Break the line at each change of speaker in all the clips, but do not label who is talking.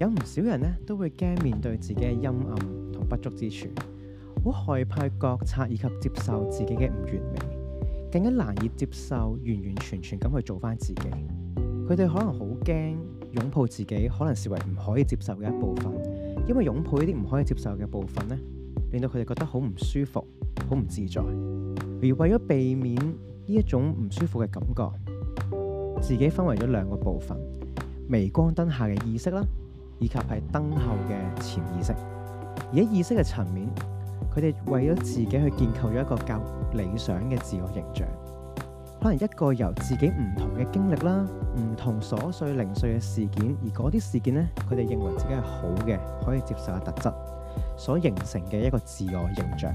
有唔少人呢，都會驚面對自己嘅陰暗同不足之處，好害怕覺察以及接受自己嘅唔完美，更加難以接受完完全全咁去做翻自己。佢哋可能好驚擁抱自己，可能視為唔可以接受嘅一部分，因為擁抱呢啲唔可以接受嘅部分呢，令到佢哋覺得好唔舒服、好唔自在。而為咗避免呢一種唔舒服嘅感覺，自己分為咗兩個部分。微光燈下嘅意識啦，以及係燈後嘅潛意識。而喺意識嘅層面，佢哋為咗自己去建構咗一個較理想嘅自我形象。可能一個由自己唔同嘅經歷啦，唔同瑣碎零碎嘅事件，而嗰啲事件呢，佢哋認為自己係好嘅，可以接受嘅特質，所形成嘅一個自我形象。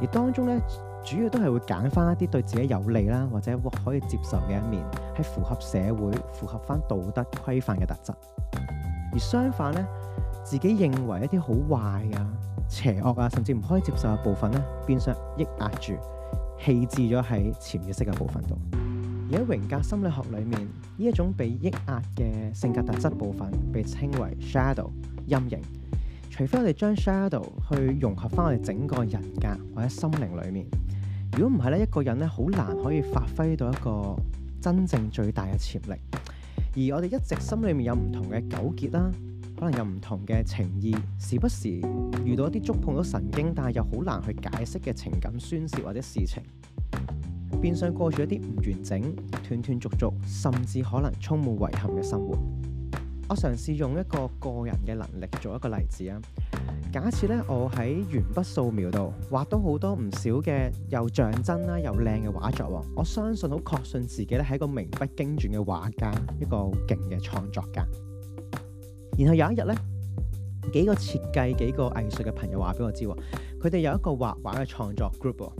而當中呢，主要都係會揀翻一啲對自己有利啦，或者可以接受嘅一面，係符合社會、符合翻道德規範嘅特質。而相反呢，自己認為一啲好壞啊、邪惡啊，甚至唔可以接受嘅部分呢，變相抑壓住，棄置咗喺潛意識嘅部分度。而喺榮格心理學裏面，呢一種被抑壓嘅性格特質部分，被稱為 shadow 陰影。除非我哋將 shadow 去融合翻我哋整個人格或者心靈裏面。如果唔係咧，一個人咧好難可以發揮到一個真正最大嘅潛力。而我哋一直心裏面有唔同嘅糾結啦，可能有唔同嘅情意，時不時遇到一啲觸碰到神經，但係又好難去解釋嘅情感宣洩或者事情，變相過住一啲唔完整、斷斷續續，甚至可能充滿遺憾嘅生活。我嘗試用一個個人嘅能力做一個例子啊。假設咧，我喺鉛筆素描度畫到好多唔少嘅又像真啦又靚嘅畫作，我相信好確信自己咧係一個名不經傳嘅畫家，一個勁嘅創作家。然後有一日咧，幾個設計、幾個藝術嘅朋友話俾我知，佢哋有一個畫畫嘅創作 group，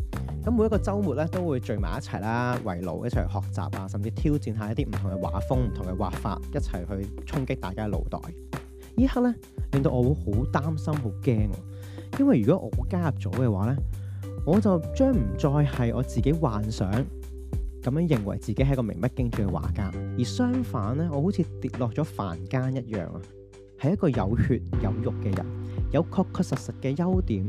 咁每一個周末咧都會聚埋一齊啦，圍爐一齊學習啊，甚至挑戰下一啲唔同嘅畫風、唔同嘅畫法，一齊去衝擊大家腦袋。呢刻咧，令到我會好擔心、好驚，因為如果我加入咗嘅話咧，我就將唔再係我自己幻想咁樣認為自己係一個名不經傳嘅畫家，而相反咧，我好似跌落咗凡間一樣啊，係一個有血有肉嘅人，有確確實實嘅優點，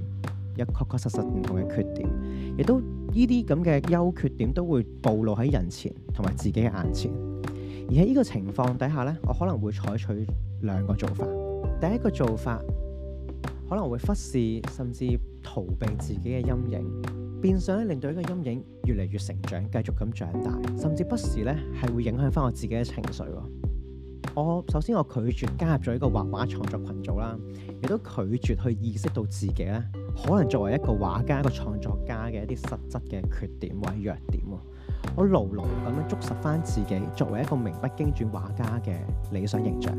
有確確實實唔同嘅缺點，亦都呢啲咁嘅優缺點都會暴露喺人前同埋自己嘅眼前。而喺呢個情況底下呢，我可能會採取兩個做法。第一個做法可能會忽視甚至逃避自己嘅陰影，變相令到呢個陰影越嚟越成長，繼續咁長大，甚至不時呢係會影響返我自己嘅情緒。我首先我拒絕加入咗呢個畫畫創作群組啦，亦都拒絕去意識到自己咧可能作為一個畫家、一個創作家嘅一啲實質嘅缺點或者弱點喎。我牢牢咁樣捉實翻自己作為一個名不經傳畫家嘅理想形象，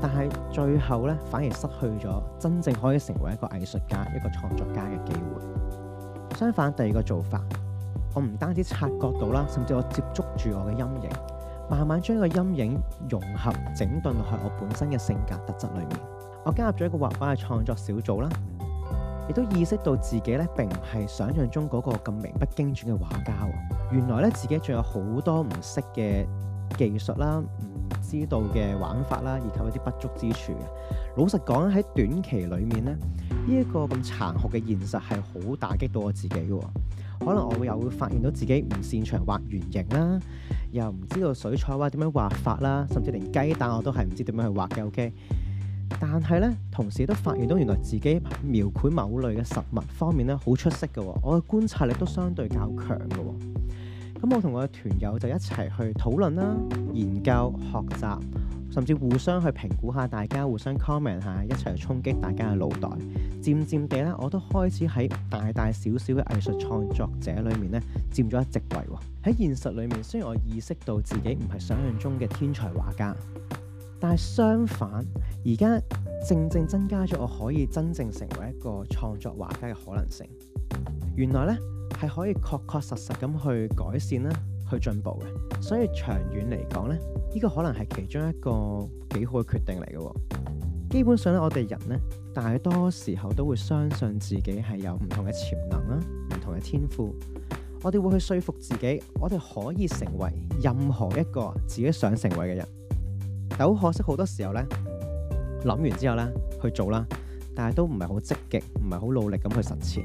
但係最後咧反而失去咗真正可以成為一個藝術家、一個創作家嘅機會。相反，第二個做法，我唔單止察覺到啦，甚至我接觸住我嘅陰影，慢慢將個陰影融合整頓落去我本身嘅性格特質裡面。我加入咗一個畫畫嘅創作小組啦。亦都意識到自己咧並唔係想像中嗰個咁名不經傳嘅畫家啊！原來咧自己仲有好多唔識嘅技術啦、唔知道嘅玩法啦，以及一啲不足之處嘅。老實講喺短期裡面咧，呢一個咁殘酷嘅現實係好打擊到我自己嘅。可能我會又會發現到自己唔擅長畫圓形啦，又唔知道水彩畫點樣畫法啦，甚至連雞蛋我都係唔知點樣去畫嘅。OK。但係咧，同時都發現到原來自己描繪某類嘅實物方面咧，好出色嘅，哦。我嘅觀察力都相對較強嘅，哦。咁我同我嘅團友就一齊去討論啦、研究、學習，甚至互相去評估下，大家互相 comment 下，一齊去衝擊大家嘅腦袋。漸漸地咧，我都開始喺大大小小嘅藝術創作者裏面咧，佔咗一席位喎，哦。喺現實裏面，雖然我意識到自己唔係想像中嘅天才畫家。但係相反，而家正正增加咗我可以真正成為一個創作畫家嘅可能性。原來呢係可以確確實實咁去改善啦，去進步嘅。所以長遠嚟講咧，呢個可能係其中一個幾好嘅決定嚟嘅。基本上咧，我哋人呢大多時候都會相信自己係有唔同嘅潛能啦，唔同嘅天賦。我哋會去説服自己，我哋可以成為任何一個自己想成為嘅人。但好可惜，好多時候呢，諗完之後呢去做啦，但係都唔係好積極，唔係好努力咁去實踐。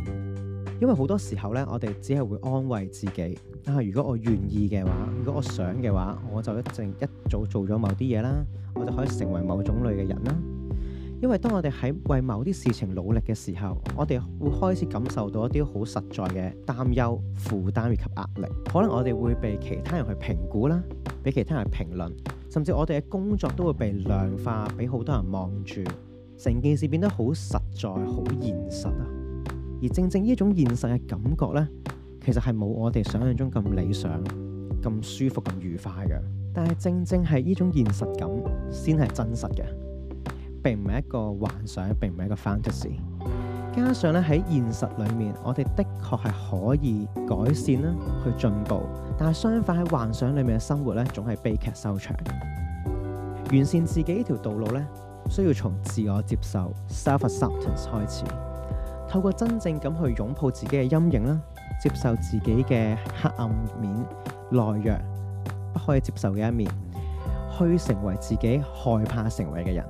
因為好多時候呢，我哋只係會安慰自己：啊，如果我願意嘅話，如果我想嘅話，我就一定一早做咗某啲嘢啦，我就可以成為某種類嘅人啦。因為當我哋喺為某啲事情努力嘅時候，我哋會開始感受到一啲好實在嘅擔憂、負擔以及壓力。可能我哋會被其他人去評估啦，俾其他人去評論。甚至我哋嘅工作都會被量化，俾好多人望住，成件事變得好實在、好現實啊！而正正呢種現實嘅感覺呢，其實係冇我哋想象中咁理想、咁舒服、咁愉快嘅。但係正正係呢種現實感先係真實嘅，並唔係一個幻想，並唔係一個 fantasy。加上咧喺現實裏面，我哋的確係可以改善啦，去進步。但係相反喺幻想裏面嘅生活咧，總係悲劇收場。完善自己呢條道路咧，需要從自我接受 （self-acceptance） 開始，透過真正咁去擁抱自己嘅陰影啦，接受自己嘅黑暗面、懦弱、不可以接受嘅一面，去成為自己害怕成為嘅人。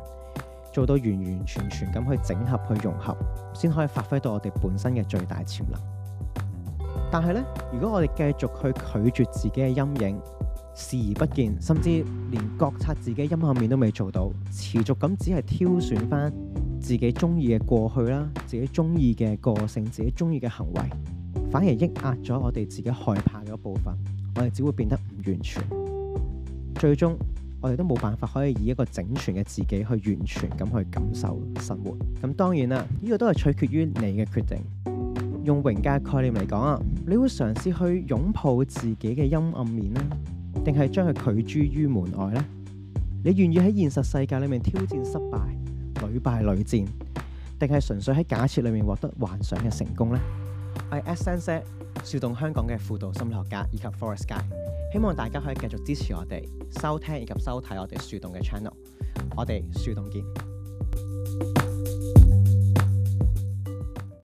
做到完完全全咁去整合、去融合，先可以發揮到我哋本身嘅最大潛能。但係咧，如果我哋繼續去拒絕自己嘅陰影，視而不見，甚至連覺察自己陰暗面都未做到，持續咁只係挑選翻自己中意嘅過去啦，自己中意嘅個性，自己中意嘅行為，反而抑壓咗我哋自己害怕嘅部分，我哋只會變得唔完全，最終。我哋都冇辦法可以以一個整全嘅自己去完全咁去感受生活。咁當然啦，呢個都係取決於你嘅決定。用榮格概念嚟講啊，你會嘗試去擁抱自己嘅陰暗面呢，定係將佢拒諸於門外呢？你願意喺現實世界裏面挑戰失敗、屢敗屢戰，定係純粹喺假設裏面獲得幻想嘅成功呢？我係 Ed sensei 樹洞香港嘅輔導心理學家，以及 Forest Guy，希望大家可以繼續支持我哋收聽以及收睇我哋樹洞嘅 channel，我哋樹洞見。